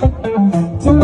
Tonight.